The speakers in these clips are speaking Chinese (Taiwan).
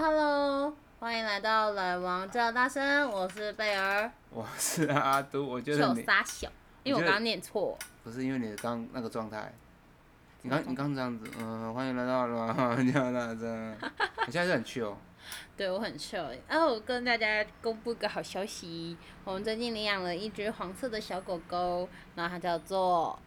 Hello，歡迎來到懶王叫大聲，我是貝爾，我是阿都，我是傻小，因為我剛念錯，不是因為你的剛那個狀態，你剛你剛這樣子，嗯、呃，歡迎來到懶王叫大聲， 你現在是很 chill， 對我很 chill，然、啊、後我跟大家公布一個好消息，我們最近領養了一只黃色的小狗狗，然後它叫做。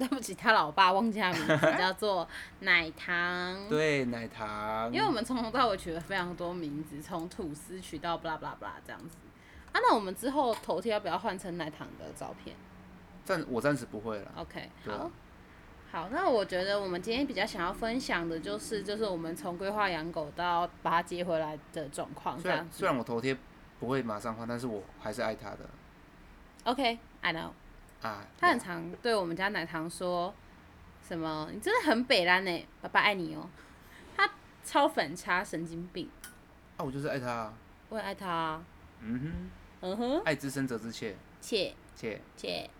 對不起，他老爸忘記他名字，叫做奶糖。 對，奶糖。因為我們從頭到尾取了非常多名字，從吐司取到巴拉巴拉巴拉這樣子。啊，那我們之後頭貼要不要換成奶糖的照片？暫我暫時不會了。OK，、啊、好。好，那我覺得我們今天比較想要分享的就是，就是我們從規劃養狗到把它接回來的狀況。雖然雖然我頭貼不會馬上換，但是我還是愛它的。OK，I、okay, know。啊、他很常對我們家奶糖說：“什麼你真的很北啦呢、欸，爸爸愛你哦、喔。”他超反差，神經病。那、啊、我就是愛他、啊。我也愛他、啊。嗯哼。嗯哼。愛之深責之切，切，切，切。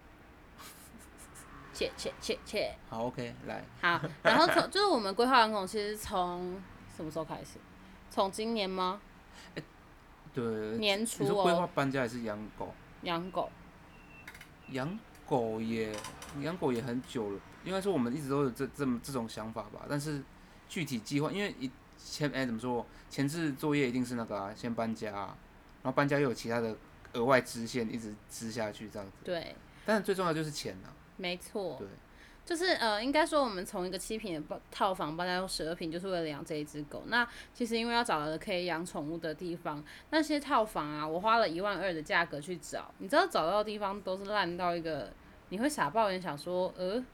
切。切。切。切切切切。好，OK，來。好。然後從 就是我們規劃養狗，其實從什麼時候開始？從今年嗎？欸、對。年初哦。你說規劃搬家還是養狗？養狗。養。狗也養狗也很久了，應該說我們一直都有這這麼這種想法吧。但是具體計劃，因為以前哎、欸、怎麼說前置作業一定是那個啊，先搬家、啊，然後搬家又有其他的額外支線一直支下去這樣子。對，但是最重要就是錢了、啊。沒錯。對，就是呃應該說我們從一個七坪的套套房搬到十二坪，就是為了養這一隻狗。那其實因為要找可以養寵物的地方，那些套房啊，我花了一萬二的價格去找，你知道找到的地方都是爛到一個。你會傻爆，想說，呃，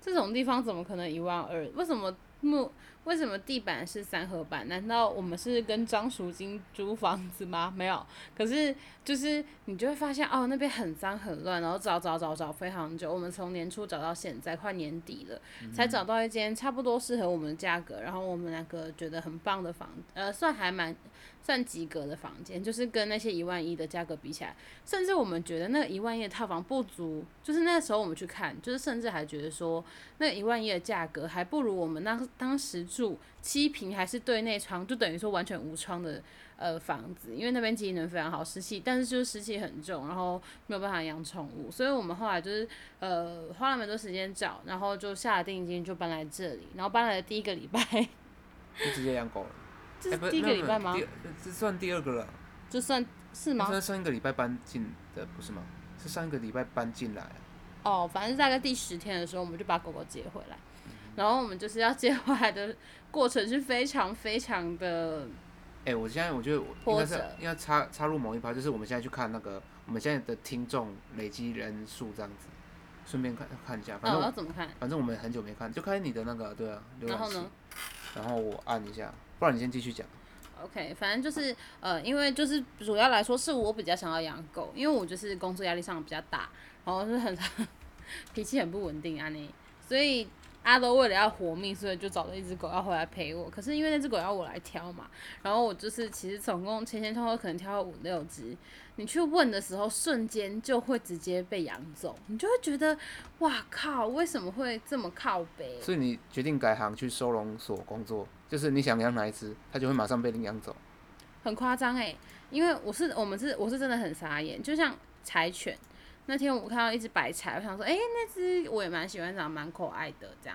這種地方怎麼可能一萬二？為什麼目麼？為什麼地板是三合板？難道我們是跟張淑晶租房子嗎？沒有，可是就是你就會發現哦，那邊很髒很亂，然後找找找找非常久，我們從年初找到現在快年底了，才找到一間差不多適合我們的價格，然後我們兩個覺得很棒的房，呃，算還蠻算及格的房間，就是跟那些一萬一的價格比起來，甚至我們覺得那一萬一的套房不足，就是那時候我們去看，就是甚至還覺得說那一萬一的價格還不如我們當當時。住七平還是對內窗，就等於說完全無窗的呃房子，因為那邊機能非常好，濕氣，但是就是濕氣很重，然後沒有辦法養寵物，所以我們後來就是呃花了蠻多時間找，然後就下了定金就搬來這裡，然後搬來的第一個禮拜就直接養狗了， 這是第一個禮拜嗎？欸、2, 這算第二個了，就算是嗎？在上一個禮拜搬進的不是嗎？是上一個禮拜搬進來、啊，哦，反正大概第十天的時候我們就把狗狗接回來。然後我們就是要接下來的過程是非常非常的，哎、欸，我現在我覺得我應該是要插插入某一趴，就是我們現在去看那個，我們現在的聽眾累積人數這樣子，順便看看一下，反正我,、哦、我要怎麼看？反正我們很久沒看，就看你的那個，對啊，然後呢？然後我按一下，不然你先繼續講。OK，反正就是呃，因為就是主要來說是我比較想要養狗，因為我就是工作壓力上比較大，然後是很 脾氣很不穩定，安、啊、妮，所以。阿都、啊，為了要活命，所以就找了一隻狗要回來陪我。可是因為那隻狗要我來挑嘛，然後我就是其實總共前前後後可能挑了五六隻。你去問的時候，瞬間就會直接被養走，你就會覺得，哇靠，為什麼會這麼靠北？所以你決定改行去收容所工作，就是你想養哪一隻，它就會馬上被領養走。很誇張誒，因為我是我們是我是真的很傻眼，就像柴犬。那天我看到一隻白柴，我想說，哎、欸，那隻我也蠻喜歡長、長蠻可愛的這樣。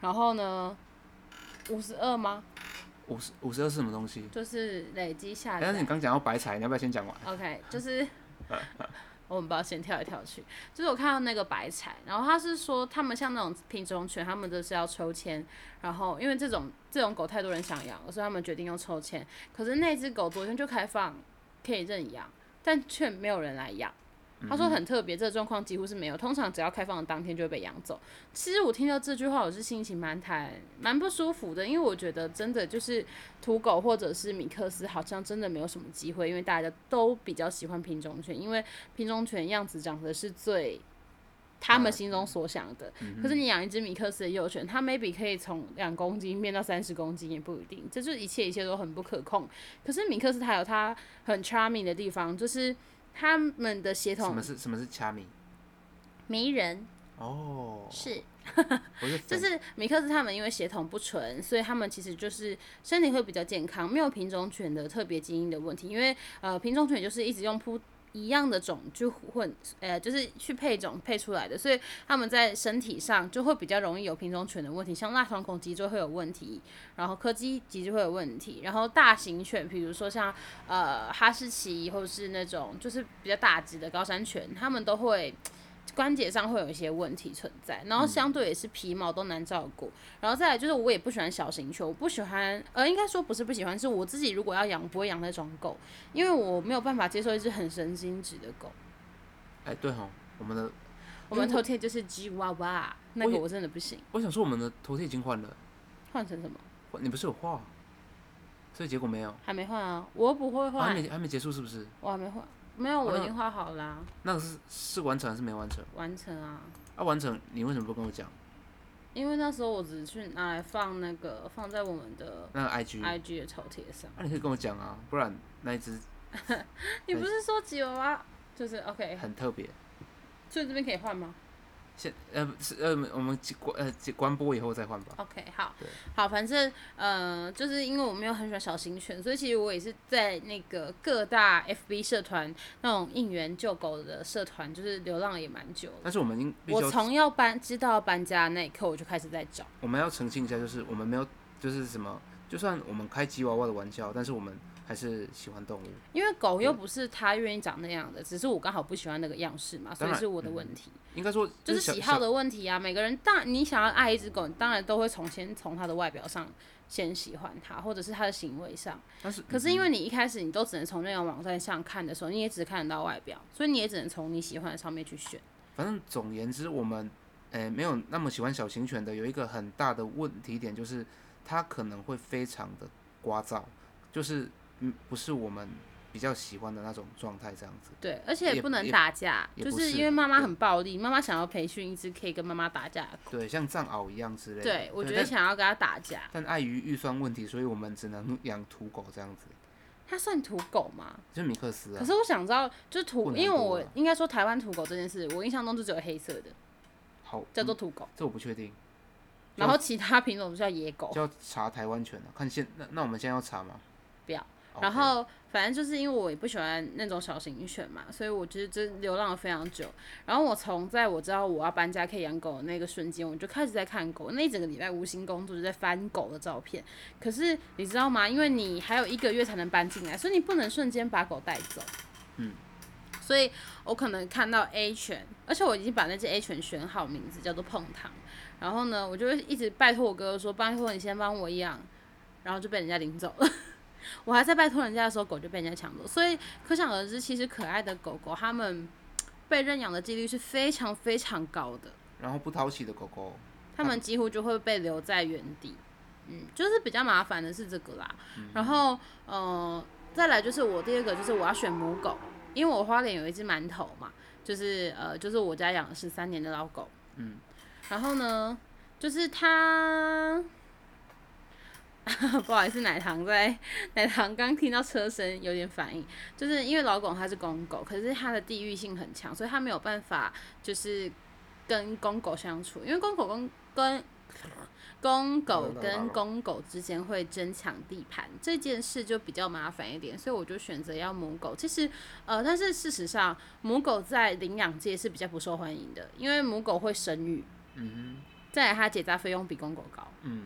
然後呢，五十二嗎？五十五十二是什麼東西？就是累積下來。欸、但是你剛講到白柴，你要不要先講完？OK，就是 我們不要先跳來跳去。就是我看到那個白柴，然後他是說，他們像那種品種犬，他們都是要抽籤。然後因為這種這種狗太多人想養，所以他們決定要抽籤。可是那隻狗昨天就開放可以認養，但卻沒有人來養。他說很特別，這個狀況幾乎是沒有，通常只要開放的當天就會被養走。其實我聽到這句話，我是心情蠻蠻不舒服的，因為我覺得真的就是土狗或者是米克斯好像真的沒有什麼機會，因為大家都比較喜歡品種犬，因為品種犬樣子長得是最他們心中所想的。Okay. 可是你養一只米克斯的幼犬，它 maybe 可以從兩公斤變到三十公斤也不一定，這就是一切一切都很不可控。可是米克斯它有它很 charming 的地方，就是。他們的血統什麼是什麼是掐米？沒人哦，oh, 是， 就是米克斯他們因為血統不純，所以他們其實就是身體會比較健康，沒有品種犬的特別基因的問題，因為呃品種犬就是一直用撲。一樣的種就混，呃，就是去配種配出來的，所以他們在身體上就會比較容易有品種犬的問題，像臘腸狗脊椎會有問題，然後柯基脊椎會有問題，然後大型犬，比如說像呃哈士奇或者是那種就是比較大隻的高山犬，他們都會。關節上會有一些問題存在，然後相對也是皮毛都難照顧，嗯、然後再來就是我也不喜歡小型犬，我不喜歡，呃，應該說不是不喜歡，是我自己如果要養不會養那種狗，因為我沒有辦法接受一隻很神經質的狗。哎、欸，對哈，我們的，我們的頭貼就是吉娃娃，我那個我真的不行。我，我想說我們的頭貼已經換了，換成什麼？你不是有畫，所以結果沒有。還沒換啊，我又不會換。啊、還沒還沒結束是不是？我還沒換。沒有，我已經畫好了、啊哦。那個是是完成還是沒完成？完成啊。啊，完成，你為什麼不跟我講？因為那時候我只是去拿來放那個放在我們的那個 I G I G 的抽貼上。那、啊、你可以跟我講啊，不然那一只。 你不是說吉娃娃就是 O、okay, K？很特別，所以這邊可以換嗎？先呃是呃我們關呃關播以後再換吧。OK 好，對好，反正呃就是因為我沒有很喜歡小型犬，所以其實我也是在那個各大 FB 社團那種應援救狗的社團，就是流浪了也蠻久了。但是我們我從要搬知道搬家那一刻，我就開始在找。我們要澄清一下，就是我們沒有就是什麼，就算我們開吉娃娃的玩笑，但是我們。還是喜歡動物，因為狗又不是它願意長那樣的，嗯、只是我剛好不喜歡那個樣式嘛，然所以是我的問題。嗯、應該說就是，就是喜好的問題啊。每個人大，但你想要愛一隻狗，你當然都會從先從它的外表上先喜歡它，或者是它的行為上。但是，可是因為你一開始你都只能從那個網站上看的時候，你也只看得到外表，所以你也只能從你喜歡的上面去選。反正總言之，我們誒、欸、沒有那麼喜歡小型犬的，有一個很大的問題點就是它可能會非常的聒噪，就是。嗯，不是我們比較喜歡的那種狀態，這樣子。對，而且也不能打架，就是因為媽媽很暴力，媽媽想要培訓一隻可以跟媽媽打架的狗。對，像藏獒一樣之類的。對，我覺得想要跟它打架。但礙於預算問題，所以我們只能養土狗這樣子。它算土狗嗎？就是米克斯啊。可是我想知道，就是土，因為我應該說台灣土狗這件事，我印象中就只有黑色的。好。叫做土狗，這我不確定。然後其他品種叫野狗。要查台灣犬了。看現那那我們現在要查嗎？不要。然後反正就是因為我也不喜歡那種小型犬嘛，所以我就是真流浪了非常久。然後我從在我知道我要搬家可以養狗的那個瞬間，我就開始在看狗。那一整個禮拜，無心工作就在翻狗的照片。可是你知道嗎？因為你還有一個月才能搬進來，所以你不能瞬間把狗帶走。嗯。所以我可能看到 A 犬，而且我已經把那只 A 犬選好名字叫做碰糖。然後呢，我就一直拜托我哥哥說，拜托你先幫我養，然後就被人家領走了。我還在拜托人家的時候，狗就被人家搶走，所以可想而知，其實可愛的狗狗它們被認養的幾率是非常非常高的。然後不討喜的狗狗，它們幾乎就會被留在原地。們嗯，就是比較麻煩的是這個啦。嗯、然後，呃，再來就是我第二個就是我要選母狗，因為我花蓮有一隻饅頭嘛，就是呃，就是我家養了十三年的老狗。嗯，然後呢，就是它。 不好意思，奶糖在奶糖剛，剛聽到車聲有點反應，就是因為老鞏他是公狗，可是他的地域性很強，所以他沒有辦法就是跟公狗相處，因為公狗跟跟公狗跟公狗之間會爭搶地盤，這件事就比較麻煩一點，所以我就選擇要母狗。其實呃，但是事實上母狗在領養界是比較不受歡迎的，因為母狗會生育，嗯哼，再來它結紮費用比公狗高，嗯，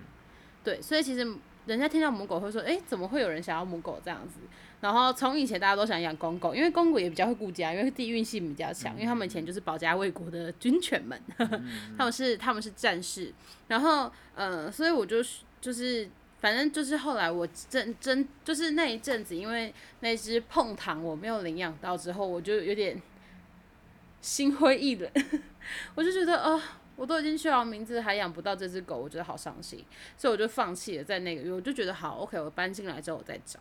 對，所以其實。人家聽到母狗會說：“哎、欸，怎麼會有人想要母狗這樣子？”然後，從以前大家都想養公狗，因為公狗也比較會顧家，因為地域性比較強，因為他們以前就是保家衛國的軍犬們，嗯嗯嗯嗯他們是他們是戰士。然後，呃，所以我就就是反正就是後來我真真就是那一陣子，因為那隻碰糖我沒有領養到之後，我就有點心灰意冷， 我就覺得哦。我都已經取好、啊、名字，還養不到這隻狗，我覺得好傷心，所以我就放棄了。在那個月，我就覺得好 OK，我搬進來之後我再找。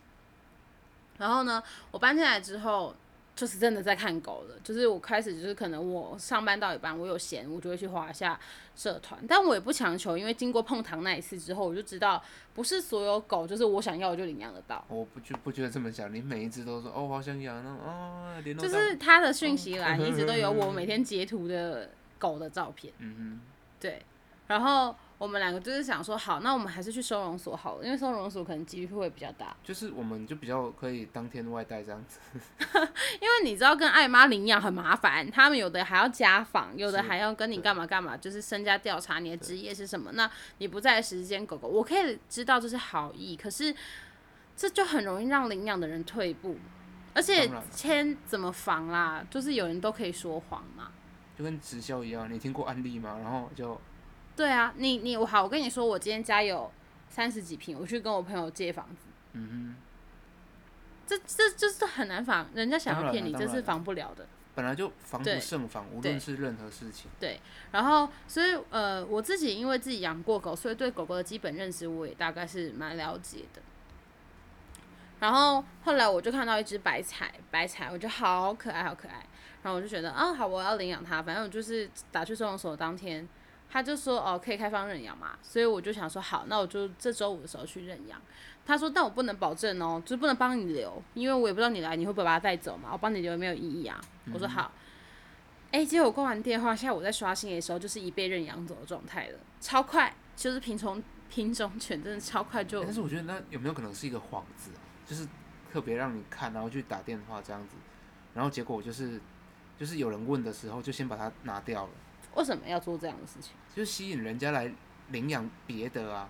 然後呢，我搬進來之後，就是真的在看狗了。就是我開始就是可能我上班到一半，我有閒，我就會去滑下社團，但我也不強求，因為經過碰糖那一次之後，我就知道不是所有狗就是我想要我就領養得到。我不就不覺得這麼想，你每一隻都說哦，我好想養哦。種、哦、就是他的訊息欄、哦、一直都有我每天截圖的。狗的照片，嗯嗯哼對，然後我們兩個就是想說，好，那我們還是去收容所好了，因為收容所可能幾率會比較大，就是我們就比較可以當天外帶這樣子。 因為你知道跟愛媽領養很麻煩，他們有的還要家訪，有的還要跟你幹嘛幹嘛，是就是身家調查，你的職業是什麼。對那你不在的時間，狗狗我可以知道這是好意，可是這就很容易讓領養的人退步，而且簽怎麼防啦？了就是有人都可以說謊嘛。就跟直銷一樣，你聽過案例嗎？然後就，對啊，你你我好，我跟你說，我今天家有三十幾坪，我去跟我朋友借房子。嗯哼，這這這、就是很難防，人家想要騙你，啊啊、這是防不了的。本來就防不勝防，對無論是任何事情。對，然後所以呃，我自己因為自己養過狗，所以對狗狗的基本認識我也大概是蠻了解的。然後後來我就看到一隻白彩白彩，我覺得好可愛，好可愛。然後我就覺得，啊，好，我要領養它。反正我就是打去收容所當天，他就說，哦，可以開放認養嘛。所以我就想說，好，那我就這周五的時候去認養。他說，但我不能保證哦，就是不能幫你留，因為我也不知道你來，你會不會把它帶走嘛？我幫你留有沒有意義啊。我說好。哎、嗯欸，結果我掛完電話，現在我在刷新的時候，就是已被認養走的狀態了，超快，就是品種品種犬真的超快就、欸。但是我覺得那有沒有可能是一個幌子，就是特別讓你看，然後去打電話這樣子，然後結果我就是。就是有人問的時候，就先把它拿掉了。為什麼要做這樣的事情？就是吸引人家來領養別的啊，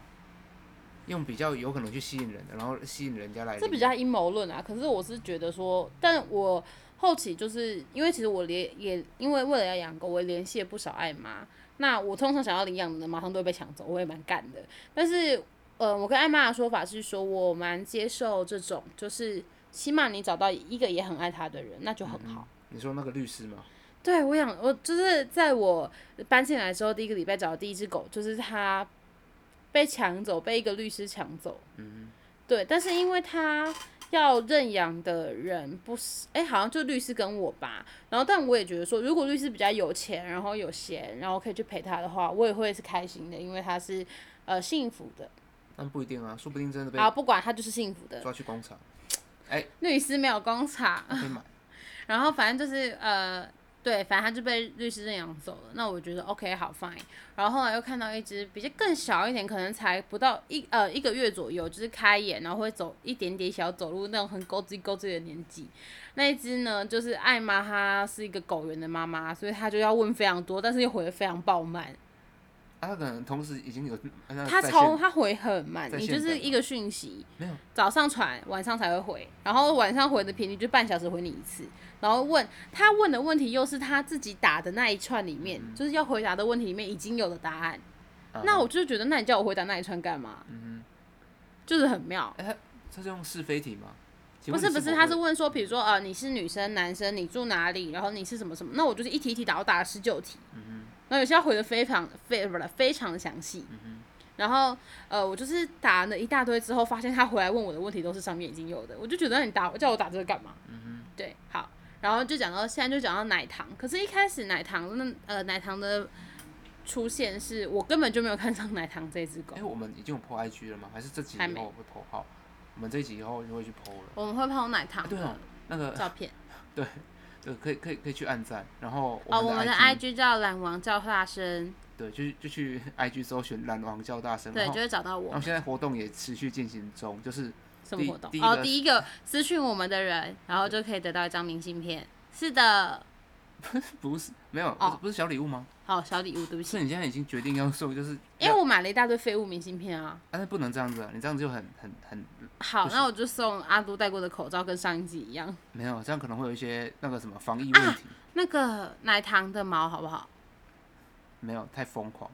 用比較有可能去吸引人的，然後吸引人家來。這比較陰謀論啊。可是我是覺得說，但我後期就是因為其實我連也因為為了要養狗，我聯繫了不少愛媽。那我通常想要領養的人，馬上都會被搶走，我也蠻幹的。但是呃，我跟愛媽的說法是說，我蠻接受這種，就是起碼你找到一個也很愛他的人，那就很好。嗯你說那個律師嗎？對，我想我就是在我搬進來之後第一個禮拜找的第一隻狗，就是它被搶走，被一個律師搶走。嗯哼，對，但是因為他要認養的人不是，哎、欸，好像就律師跟我吧。然後，但我也覺得說，如果律師比較有錢，然後有閒，然後可以去陪他的話，我也會是開心的，因為他是呃幸福的。那不一定啊，說不定真的被……好，不管他就是幸福的，抓去工廠。哎、欸，律師沒有工廠。買、okay。然後反正就是呃，對，反正他就被律師認養走了。那我覺得 OK 好 fine。然後後來又看到一只比較更小一點，可能才不到一呃一個月左右，就是開眼然後會走一點點小走路那種很勾茲勾茲的年紀。那一只呢，就是愛媽，她是一個狗園的媽媽，所以她就要問非常多，但是又回得非常爆滿。啊、他可能同時已經有，他超他回很慢，你就是一個訊息沒有早上傳，晚上才會回，然後晚上回的頻率就半小時回你一次，然後問他問的問題又是他自己打的那一串裡面嗯，嗯就是要回答的問題裡面已經有的答案，嗯、那我就覺得，那你叫我回答那一串幹嘛？嗯、哼就是很妙。哎、欸，他是用是非題嗎？不是不是，他是問說，比如說呃，你是女生男生？你住哪裡？然後你是什麼什麼？那我就是一題一題打，我打了十九題。嗯然後有些要回的非常非不了，非常詳細。嗯、哼然後呃，我就是打了一大堆之後，發現他回來問我的問題都是上面已經有的，我就覺得你打我叫我打這個幹嘛？嗯哼。對，好，然後就講到現在就講到奶糖，可是，一開始奶糖那呃奶糖的出現是我根本就沒有看上奶糖這隻狗。哎、欸，我們已經有 po IG 了嗎？還是這集以後會 po 號沒？我們這一集以後就會去 po 了。我們會 po 奶糖的、欸。對、哦，那個照片。對。呃，可以可以可以去按讚，然後 IG, 哦，我們的 I G 叫懶王叫大聲，對，就就去 I G 搜尋懶王叫大聲，對，就會找到我。我現在活動也持續進行中，就是第什麼活動？第一、哦、個私訊我們的人，然後就可以得到一張明信片，對是的。不是，沒有，不是小禮物嗎？哦、好，小禮物，對不起。是你現在已經決定要送，就是因為、欸、我買了一大堆廢物明信片啊。啊、但是不能這樣子啊，你這樣子就很很很。好，不行，那我就送阿都戴過的口罩，跟上一集一樣。沒有，這樣可能會有一些那個什麼防疫問題。啊、那個奶糖的毛好不好？沒有，太瘋狂。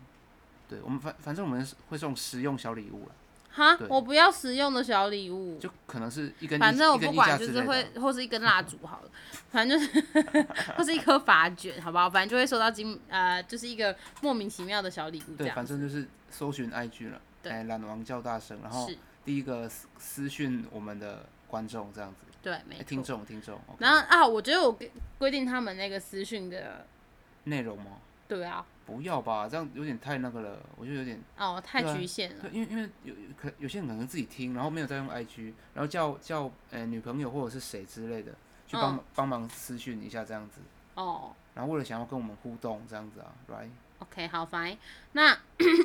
對我們反反正我們會送實用小禮物了、啊。哈，蛤對我不要實用的小禮物，就可能是一根一，反正我不管，就是會一一或是一根蠟燭好了， 反正、就是、 或是一顆髮捲，好不好？反正就會收到金，呃，就是一個莫名其妙的小禮物這樣。對，反正就是搜尋 IG 了，對，欸、懶王叫大聲，然後是第一個私私訊我們的觀眾這樣子，對，沒、欸、聽眾聽眾。Okay，然後啊，我覺得我規定他們那個私訊的內容嗎？對啊。不要吧，這樣有點太那個了，我就有點哦，oh, 太局限了。啊、因為因為有可有,有些人可能自己聽，然後沒有在用 IG，然後叫叫誒、呃、女朋友或者是誰之類的去幫、oh. 幫忙私訊一下這樣子。哦。Oh. 然後為了想要跟我們互動這樣子啊，right？OK，、okay, 好 fine。那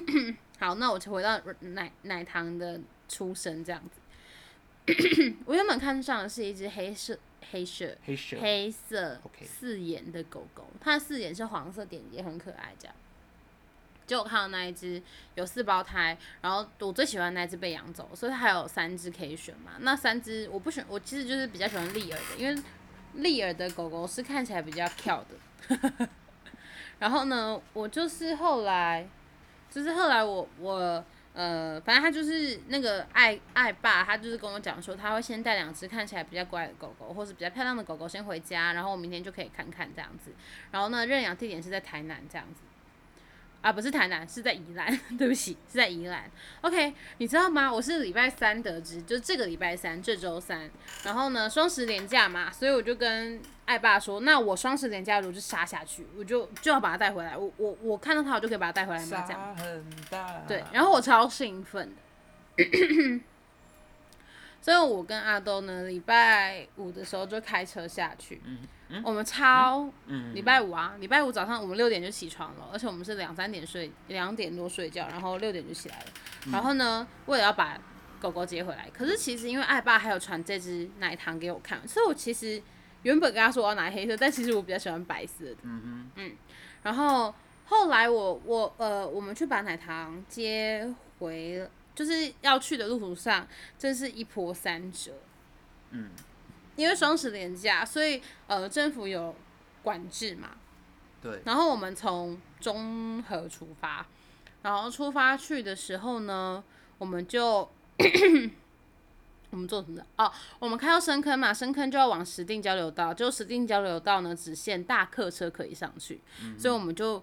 好，那我就回到奶奶糖的出生這樣子。 我原本看上的是一只黑色。黑色，黑色，黑色四眼的狗狗，它 Okay. 的四眼是黃色點，也很可愛。這樣，就我看到那一隻有四胞胎，然後我最喜歡那隻被養走，所以它還有三隻可以選嘛。那三隻我不選，我其實就是比較喜歡麗爾的，因為麗爾的狗狗是看起來比較俏的。 然後呢，我就是後來，就是後來我我。呃，反正他就是那個愛愛爸，他就是跟我講說，他會先帶兩隻看起來比較乖的狗狗，或是比較漂亮的狗狗先回家，然後我明天就可以看看這樣子。然後呢，認養地點是在台南這樣子，啊，不是台南，是在宜蘭， 對不起，是在宜蘭。OK，你知道嗎？我是禮拜三得知，就是這個禮拜三，這週三，然後呢，雙十連假嘛，所以我就跟。艾爸說：“那我雙十年假如就殺下去，我就就要把它帶回來。我我我看到它，我就可以把它帶回來，是嗎？這樣很大，對。然後我超興奮的 ，所以，我跟阿兜呢，禮拜五的時候就開車下去。嗯嗯、我們超禮、嗯嗯、拜五啊，禮拜五早上我們六點就起床了，而且我們是兩三點睡，兩點多睡覺，然後六點就起來了。然後呢，為了、嗯、要把狗狗接回來，可是其實因為愛爸還有傳這隻奶糖給我看，所以我其實。”原本跟他說我要拿黑色，但其實我比較喜歡白色的。嗯，哼嗯，然後後來我我，我呃，我們去把奶糖接回，就是要去的路途上，真是一波三折。嗯。因為雙十連假，所以呃，政府有管制嘛。對。然後我們從中和出發，然後出發去的時候呢，我們就。 我們做什麼？哦，我們開到深坑嘛，深坑就要往石碇交流道，就石碇交流道呢，只限大客車可以上去，嗯、哼所以我們就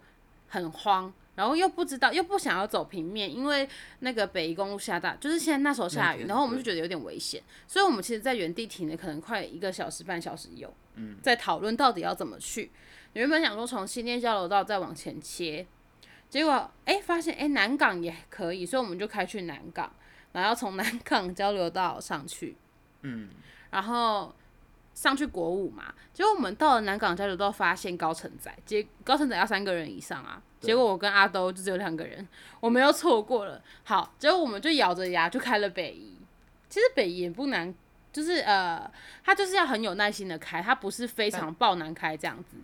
很慌，然後又不知道，又不想要走平面，因為那個北宜公路下大，就是現在那時候下雨，嗯、然後我們就覺得有點危險，所以我們其實，在原地停了可能快一個小時、半小時有，嗯、在討論到底要怎麼去。原本想說從新店交流道再往前切。結果哎、欸，發現哎、欸，南港也可以，所以我們就開去南港，然後從南港交流道上去，嗯，然後上去國五嘛。結果我們到了南港交流道，發現高承載，結高承載要三個人以上啊。對結果我跟阿兜就只有兩個人，我們又錯過了。好，結果我們就咬着牙就開了北宜。其實北宜也不難，就是呃，他就是要很有耐心的開，他不是非常爆難開這樣子。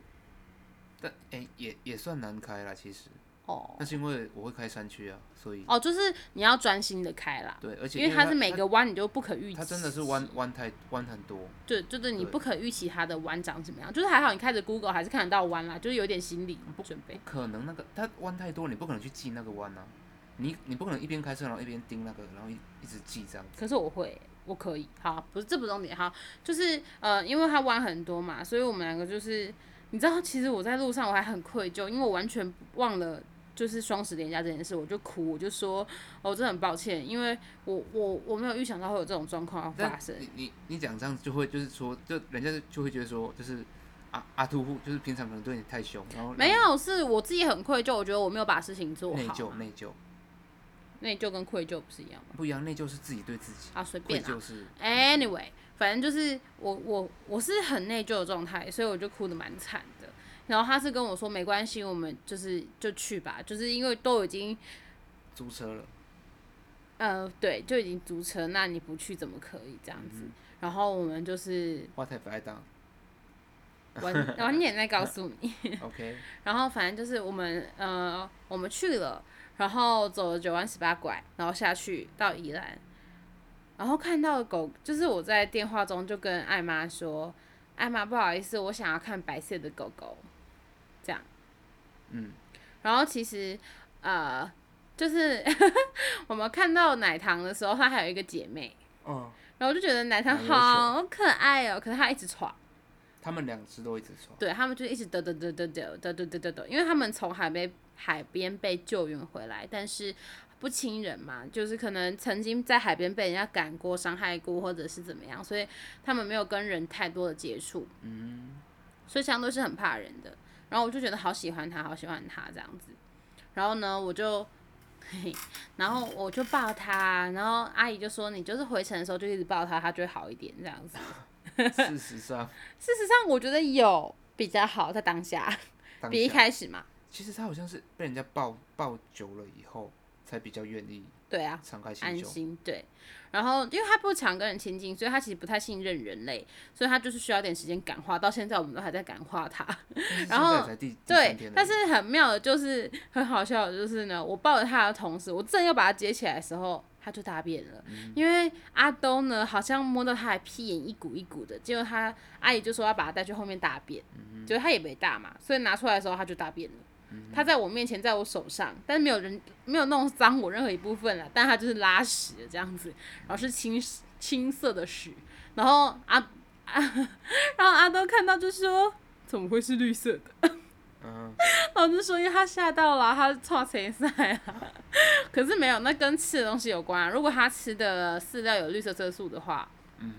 但哎、欸，也也算難開啦。其實。哦，那是、oh, 因為我會開山區啊，所以哦，就是你要專心的開啦。對，而且因為它是每個彎你就不可預期，它真的是彎彎太彎很多。對，就是你不可預期它的彎長怎麼樣，對就是還好你開着 Google 還是看得到彎啦，就是有點心理你不準備。不不可能那個它彎太多，你不可能去記那個彎啊，你你不可能一邊開車然後一邊盯那個，然後一一直記這樣子。可是我會、欸，我可以，好，不是這不是重點哈，就是呃，因為它彎很多嘛，所以我們兩個就是你知道，其實我在路上我還很愧疚，因為我完全忘了。就是雙十連假這件事，我就哭，我就說，我真的很抱歉，因為我我我沒有預想到會有這種狀況要發生你。你你你講這樣子就會就是說，就人家就會覺得說，就是阿阿兔就是平常可能對你太凶，然後沒有是我自己很愧疚，我覺得我沒有把事情做好。內疚內疚，內疚跟愧疚不是一樣嗎？不一樣，內疚是自己對自己。啊隨便啊。愧疚是。Anyway，反正就是我我我是很內疚的狀態，所以我就哭得蠻慘的。然後他是跟我說沒關係，我們就是就去吧，就是因為都已經租車了，呃，對，就已經租車，那你不去怎麼可以這樣子？Mm hmm. 然後我們就是晚 have 點再告訴你。 OK。然後反正就是我們呃我們去了，然後走了九彎十八拐，然後下去到宜蘭，然後看到狗，就是我在電話中就跟艾媽說，艾媽不好意思，我想要看白色的狗狗。這樣，嗯，然後其實，呃、就是 我們看到奶糖的時候，他還有一個姐妹，嗯，然後我就覺得奶糖好可愛哦，可是他一直闖，他們兩隻都一直闖，對他們就一直抖抖抖抖抖抖抖抖抖抖，因為他們從海邊海邊被救援回來，但是不親人嘛，就是可能曾經在海邊被人家趕過、傷害過，或者是怎麼樣，所以他們沒有跟人太多的接觸，嗯，所以相對都是很怕人的。然後我就覺得好喜歡他，好喜歡他這樣子。然後呢，我就，嘿，然後我就抱他。然後阿姨就說：“你就是回程的時候就一直抱他，他就會好一點。”這樣子、啊。事實上， 事實上，我覺得有比較好，在當下，當下比一開始嘛。其實他好像是被人家抱抱久了以後。還比較願意，對啊，敞開心胸安心對。然後，因為他不常跟人親近，所以他其實不太信任人類，所以他就是需要點時間感化。到現在，我們都還在感化他。然後對，但是很妙的就是，很好笑的就是呢，我抱着他的同時，我正要把它接起來的時候，他就大便了。嗯、因為阿東呢，好像摸到他的屁眼一股一股的，結果他阿姨就說要把它帶去後面大便，嗯、哼就他也沒大嘛，所以拿出來的時候他就大便了。它在我面前，在我手上，但是沒有人沒有弄髒我任何一部分了。但它就是拉屎這樣子，然後是青青色的屎。然後阿、啊、阿、啊，然後阿、啊、都看到就說：“怎麼會是綠色的？”嗯、uh，huh. 然後就說因為他嚇到了，他剉誰賽啊。可是沒有，那跟吃的東西有關、啊。如果他吃的飼料有綠色色素的話。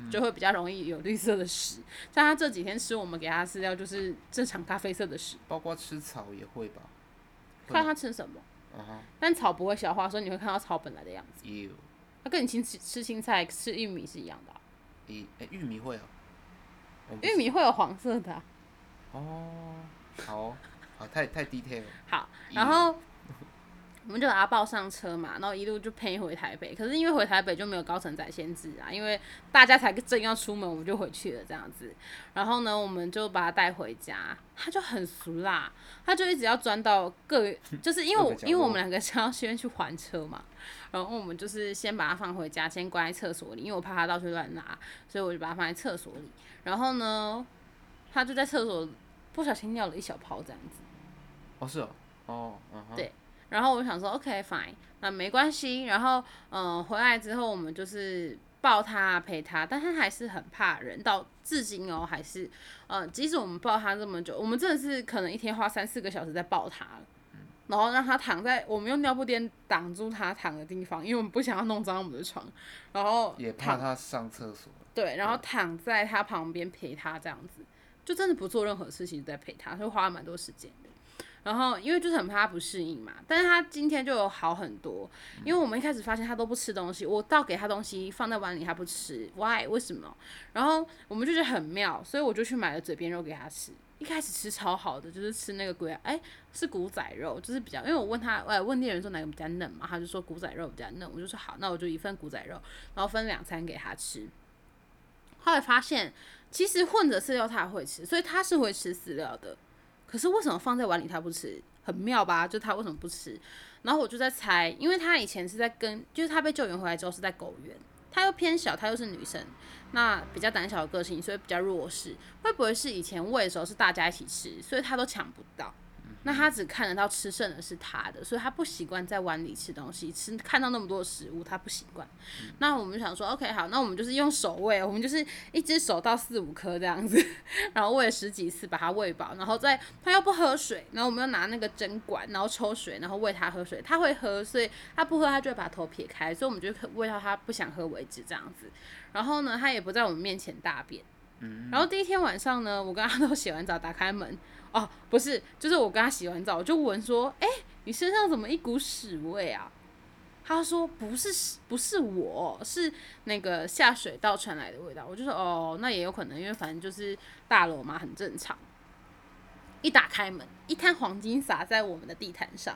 就會比較容易有綠色的屎，像他這幾天吃我們給他飼料，就是正常咖啡色的屎。包括吃草也會吧？會看它吃什麼。Uh huh. 但草不會消化，所以你會看到草本來的樣子。Ew. 它跟你青吃，吃青菜、吃玉米是一樣的、啊。咦？玉米會有、哦，玉米會有黃色的、啊。哦、oh，好，啊，太太 detail。好，Ew. 然後。我們就把它抱上車嘛，然後一路就陪回台北。可是因為回台北就沒有高層仔限制啊，因為大家才正要出門，我們就回去了這樣子。然後呢，我們就把它帶回家，它就很俗辣，它就一直要鑽到各，就是因為我因為我們兩個想要先去還車嘛，然後我們就是先把它放回家，先關在廁所裡，因為我怕它到處亂拉，所以我就把它放在廁所裡。然後呢，它就在廁所不小心尿了一小泡這樣子。哦，是哦，哦，嗯對。然後我想說，OK fine，那沒關係。然後，嗯、呃，回來之後我們就是抱他、陪他，但他還是很怕人。到至今哦，還是，嗯、呃，即使我們抱他這麼久，我們真的是可能一天花三四個小時在抱他了。嗯。然後讓他躺在我們用尿布墊擋住他躺的地方，因為我們不想要弄髒我們的床。然後也怕他上廁所。對，然後躺在他旁邊陪他這樣子，嗯。就真的不做任何事情在陪他，就花了蠻多時間。然後，因為就是很怕他不適應嘛，但是他今天就有好很多，因為我們一開始發現他都不吃東西，我倒給他東西放在碗裡他不吃，why？為什麼？然後我們就覺得很妙，所以我就去買了嘴邊肉給他吃，一開始吃超好的，就是吃那個龜，哎，是骨仔肉，就是比較，因為我問他，呃，問店員說哪個比較嫩嘛，他就說骨仔肉比較嫩，我就說好，那我就一份骨仔肉，然後分兩餐給他吃，後來發現其實混着飼料他也會吃，所以他是會吃飼料的。可是為什麼放在碗裡它不吃？很妙吧？就它為什麼不吃？然後我就在猜，因為它以前是在跟，就是它被救援回來之後是在狗園，它又偏小，它又是女生，那比較膽小的個性，所以比較弱勢。會不會是以前餵的時候是大家一起吃，所以它都搶不到？那他只看得到吃剩的是他的，所以他不習慣在碗裡吃東西，吃看到那麼多的食物他不習慣。嗯。那我們就想說，OK，好，那我們就是用手餵，我們就是一隻手倒四五顆這樣子，然後餵了十幾次把它餵飽，然後再他又不喝水，然後我們又拿那個針管，然後抽水，然後餵他喝水，他會喝，所以他不喝他就會把頭撇開，所以我們就餵到他不想喝為止這樣子。然後呢，他也不在我們面前大便。嗯。然後第一天晚上呢，我跟阿都洗完澡打開門。哦，不是，就是我跟他洗完澡，我就問說，哎、欸，你身上怎麼一股屎味啊？他說不是屎，不是我，是那個下水道傳來的味道。我就說哦，那也有可能，因為反正就是大樓嘛，很正常。一打開門，一灘黃金灑在我們的地毯上，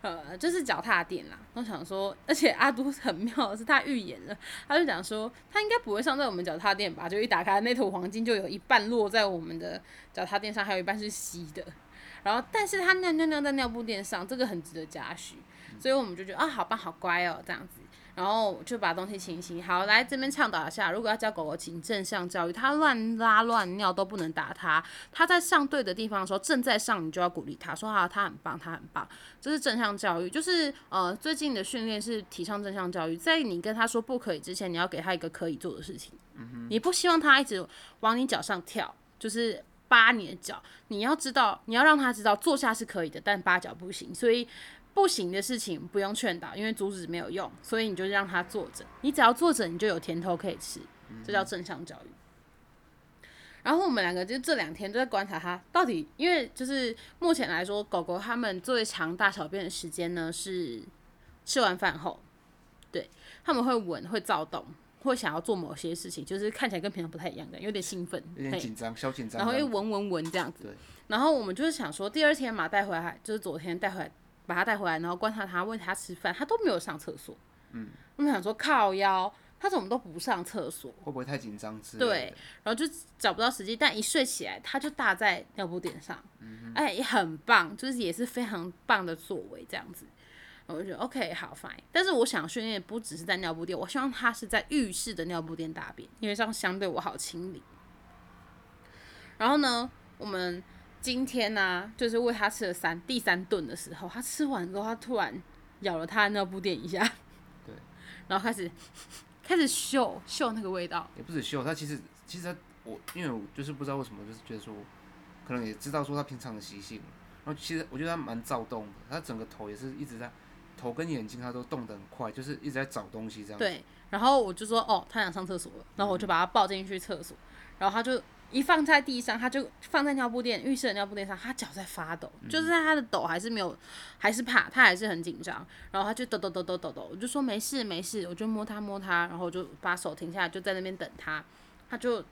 呃、嗯，就是腳踏墊啦。我想說，而且阿都很妙的是，他預言了，他就講說，他應該不會上在我們腳踏墊吧？就一打開那坨黃金，就有一半落在我們的腳踏墊上，還有一半是稀的。然後，但是他尿尿尿在尿布墊上，這個很值得嘉許，所以我們就覺得啊，好棒，好乖哦，這樣子。然後就把東西清一清。好，來這邊倡導一下，如果要教狗狗，請正向教育。它亂拉亂尿都不能打它。它在上對的地方的時候，正在上，你就要鼓勵它，說啊，它很棒，它很棒，這是正向教育。就是呃，最近的訓練是提倡正向教育，在你跟他說不可以之前，你要給他一個可以做的事情。嗯哼。你不希望它一直往你腳上跳，就是扒你的腳。你要知道，你要讓它知道坐下是可以的，但扒腳不行。所以。不行的事情不用勸導，因為阻止沒有用，所以你就讓他坐着。你只要坐着，你就有甜頭可以吃，這叫正向教育。嗯、然後我們兩個就這兩天都在觀察他到底，因為就是目前來說，狗狗他們最常大小便的時間呢是吃完飯後，對，他們會聞，會躁動，會想要做某些事情，就是看起來跟平常不太一樣的，有點興奮，有點緊張，嘿小緊張，然後又聞聞聞這樣子。然後我們就是想說，第二天嘛帶回來，就是昨天帶回來。把他帶回來，然後觀察他，餵他吃飯，他都沒有上廁所。嗯，我們想說靠腰，他怎麼都不上廁所？會不會太緊張之類的？對，然後就找不到時機，但一睡起來，他就大在尿布墊上，哎、嗯哼，也、欸、很棒，就是也是非常棒的作為這樣子，我就覺得 OK 好 fine。但是我想訓練不只是在尿布墊，我希望他是在浴室的尿布墊大便，因為這樣相對我好清理。然後呢，我們。今天呢、啊，就是餵它吃了三第三頓的時候，它吃完之後，它突然咬了它那布墊一下，對，然後開始開始嗅嗅那個味道，也不是嗅，它其實其實他我因為我就是不知道為什麼，就是覺得說可能也知道說它平常的習性，然後其實我覺得它蠻躁動的，它整個頭也是一直在頭跟眼睛它都動得很快，就是一直在找東西這樣。對，然後我就說哦，它想上廁所了，然後我就把它抱進去廁所，嗯、然後它就。一放在地上，他就放在尿布墊浴室的尿布墊上，他腳在發抖，嗯、就是他的抖還是沒有，還是怕，他還是很緊張，然後他就抖抖抖抖抖抖，我就說沒事沒事，我就摸他摸他，然後就把手停下來，就在那邊等他，他就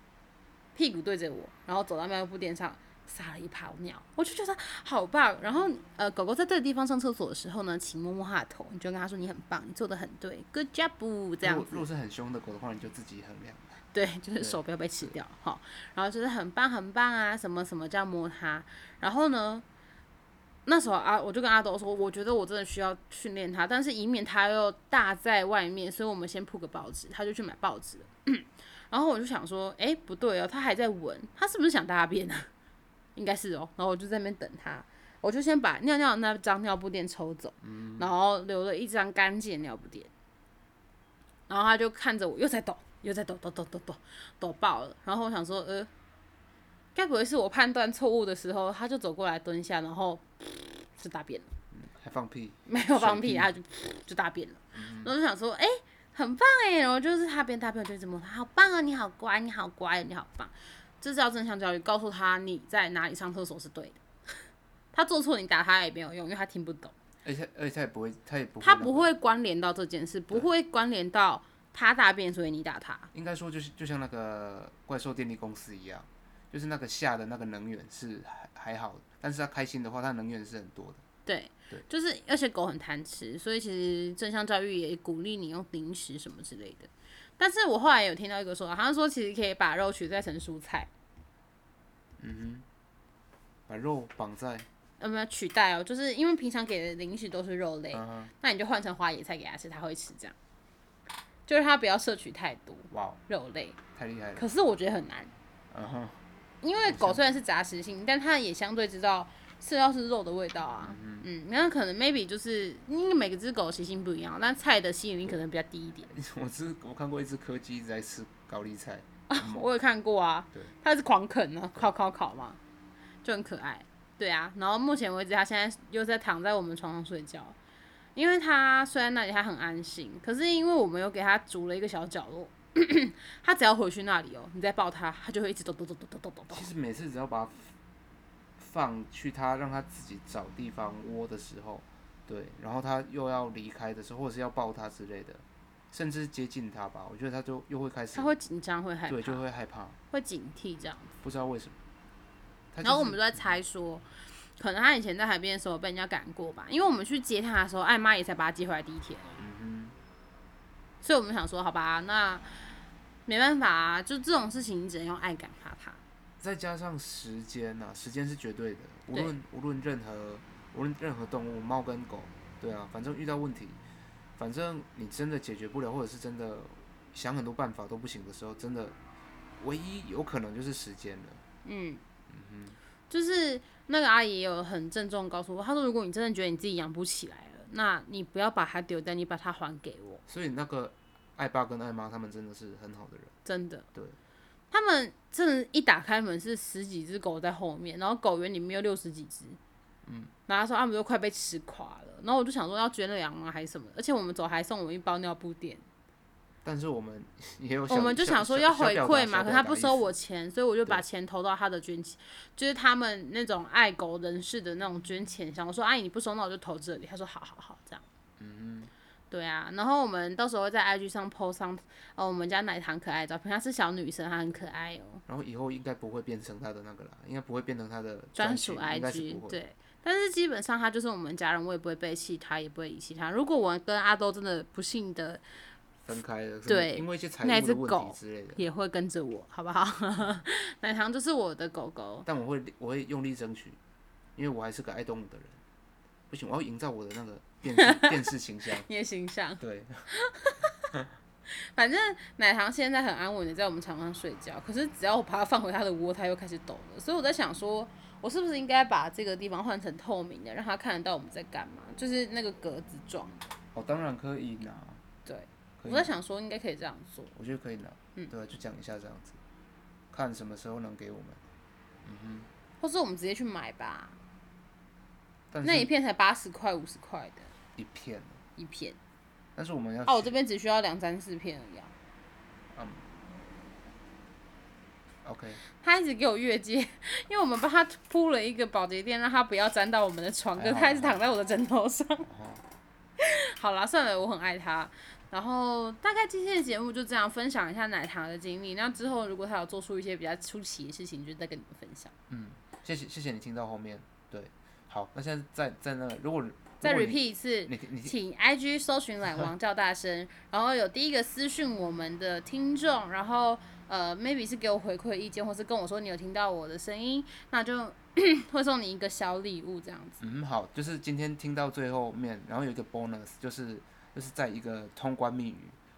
屁股對着我，然後走到尿布墊上撒了一泡尿，我就覺得他好棒。然後呃，狗狗在這個地方上廁所的時候呢，請摸摸它的頭，你就跟他說你很棒，你做的很對，Good job，、哦、這樣子如。如果是很兇的狗的話，你就自己衡量。對，就是手不要被吃掉好，然後就是很棒很棒啊，什麼什麼這樣摸它，然後呢，那時候啊，我就跟阿斗說，我覺得我真的需要訓練它，但是以免它又大在外面，所以我們先鋪個報紙，他就去買報紙了。 然後我就想說，哎，不對哦，他還在聞，他是不是想大便啊？應該是哦，然後我就在那邊等他，我就先把尿尿的那張尿布墊抽走，嗯、然後留了一張乾淨的尿布墊，然後他就看着我，又在抖。又在抖抖抖抖抖抖爆了，然後我想說，呃，該不會是我判斷錯誤的時候？他就走過來蹲下，然後就大便了，還放屁？沒有放屁，他就就大便了。然後就想說，哎、欸，很棒欸！然後就是他邊大便，就怎麼好棒啊？你好乖，你好乖，你好棒！這是叫正向教育，告訴他你在哪裡上廁所是對的。 他做錯，你打他也沒有用，因為他聽不懂，而且而且他也不會，他也不會他不會關聯到這件事，對不會關聯到。他大便，所以你打他。應該說就是就像那個怪獸電力公司一樣，就是那個下的那個能源是還還好，但是它開心的話，它能源是很多的。對，對，就是而且狗很貪吃，所以其實正向教育也鼓勵你用零食什麼之類的。但是我後來有聽到一個說法，好像說其實可以把肉取代成蔬菜。嗯哼，把肉綁在……呃、嗯，沒有取代哦，就是因為平常給的零食都是肉類，啊、哈那你就換成花椰菜給它吃，它會吃這樣。就是它不要攝取太多 wow, 肉類，太厲害了。可是我覺得很難，嗯哼、uh，huh, 因為狗雖然是雜食性，想但它也相對知道吃要是肉的味道啊。嗯、mm hmm. 嗯，那可能 maybe 就是因為每個只狗習性不一樣，但菜的吸引力可能比較低一點。我只我看過一只柯基一直在吃高麗菜， 嗯、 我有看過啊，它對是狂啃啊，烤，烤烤烤嘛，就很可愛。對啊，然後目前為止，它現在又在躺在我們床上睡覺。因為他雖然那裡還很安心，可是因為我們有給他組了一個小角落， 他只要回去那裡哦、喔，你再抱他，他就會一直走走走走走走。其實每次只要把它放去他，他讓他自己找地方窩的時候，對，然後他又要離開的時候，或者是要抱他之類的，甚至接近他吧，我覺得他就又會開始。他會緊張，會害怕。對，就會害怕，會警惕這樣子。不知道為什麼。就是、然後我們都在猜說。可能他以前在海邊的時候被人家趕過吧，因為我們去接他的時候，艾媽也才把他接回來第一天，嗯哼。所以我們想說，好吧，那沒辦法啊，就這種事情你只能用愛感化他。再加上時間吶，時間是絕對的，無論對、嗯、無論任何無論任何動物，貓跟狗，對啊，反正遇到問題，反正你真的解決不了，或者是真的想很多辦法都不行的時候，真的唯一有可能就是時間了。嗯，嗯哼，就是。那個阿姨也有很鄭重告訴我，她說：“如果你真的覺得你自己養不起來了，那你不要把它丟掉，你把它還給我。”所以那個愛爸跟愛媽他們真的是很好的人，真的。對，他們真的，一打開門是十幾隻狗在後面，然後狗園裡面有六十幾隻，嗯。然後他說：“他們都快被吃垮了。”然後我就想說要捐糧嗎還是什麼？而且我們走還送我們一包尿布墊。但是我們也有，我們就想說要回饋嘛，可是他不收我錢，對 所以我就把錢投到他的捐錢，就是他們那種愛狗人士的那種捐錢箱。對 像我說阿姨、哎、你不收那我就投這裡，他說好好好這樣。嗯，對啊，然後我們到時候會在 IG 上 po 上哦我們家奶糖可愛照片，她是小女生，她很可愛哦、喔。然後以後應該不會變成他的那個啦，應該不會變成他的專屬屬 IG，對。但是基本上他就是我們家人，我也不會背棄他，她也不會遺棄他。如果我跟阿都真的不幸的。分開，對，是不是因為一些財務的問題之類的，也會跟着我，好不好？ 奶糖就是我的狗狗，但我會我會用力爭取，因為我還是個愛動物的人，不行，我要營造我的那個電視 電視形象。你的形象。對。 反正奶糖現在很安穩的在我們床上睡覺，可是只要我把它放回它的窩，它又開始抖了。所以我在想說，我是不是應該把這個地方換成透明的，讓它看得到我們在幹嘛？就是那個格子狀。哦，當然可以拿。對。我在想說，應該可以這樣做。我覺得可以的。嗯，對，就講一下這樣子，看什麼時候能給我們。嗯哼。或是我們直接去買吧。那一片才八十塊、五十塊的。一片。一片。但是我們要。哦，我這邊只需要兩三四片而已呀。嗯。OK。他一直給我越界，因為我們幫他鋪了一個保潔墊，讓他不要沾到我們的床，跟他一直躺在我的枕頭上。好啦，算了，我很愛他。然後大概今天的節目就這樣，分享一下奶糖的經歷。那之後如果他有做出一些比較出奇的事情，就再跟你們分享。嗯，謝謝謝謝你聽到後面，對，好，那現在在在那裡如果，如果再 repeat 一次，請 IG 搜尋懶王叫大聲， 然後有第一個私訊我們的聽眾，然後呃 maybe 是給我回饋意見，或是跟我說你有聽到我的聲音，那就 會送你一個小禮物這樣子。嗯，好，就是今天聽到最後面，然後有一個 bonus 就是。就是在一個通關密語，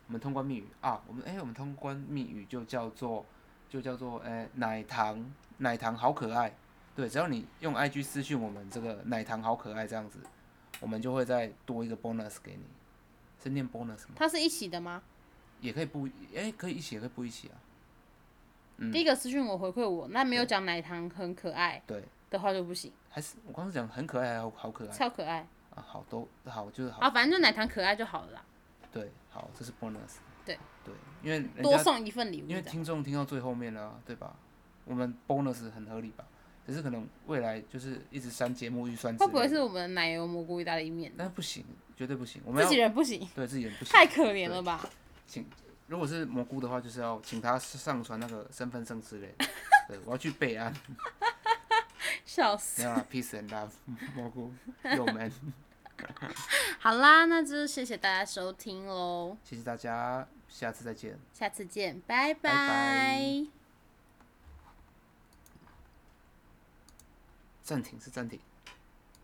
我們通關密語啊，我們哎、欸，我們通關密語就叫做，就叫做哎、欸、奶糖，奶糖好可愛。對，只要你用 IG 私訊我們這個奶糖好可愛這樣子，我們就會再多一個 bonus 給你。是念 bonus 嗎？它是一起的嗎？也可以不，哎、欸，可以一起，也可以不一起啊。嗯、第一個私訊我回饋我，那沒有講奶糖很可愛，對的話就不行。欸、還是我剛剛講很可愛還好，好好可愛，超可愛。啊、好都好就是好啊，反正就奶糖可愛就好了啦。對，好，這是 bonus 對。對對，因為多送一份禮物，因為聽眾聽到最後面了，啊，對吧？我們 bonus 很合理吧？只是可能未來就是一直刪節目預算之類。會不會是我們奶油蘑菇意大利麵？但不行，絕對不行，我們要自己人不行。對，自己人不行，太可憐了吧？請，如果是蘑菇的話，就是要請他上傳那個身份證之類的 對。我要去備案。 笑死。沒有，peace and love，蘑菇有門。 好啦，那就謝謝大家收聽嘍！謝謝大家，下次再見。下次見，拜拜。暫停是暫停。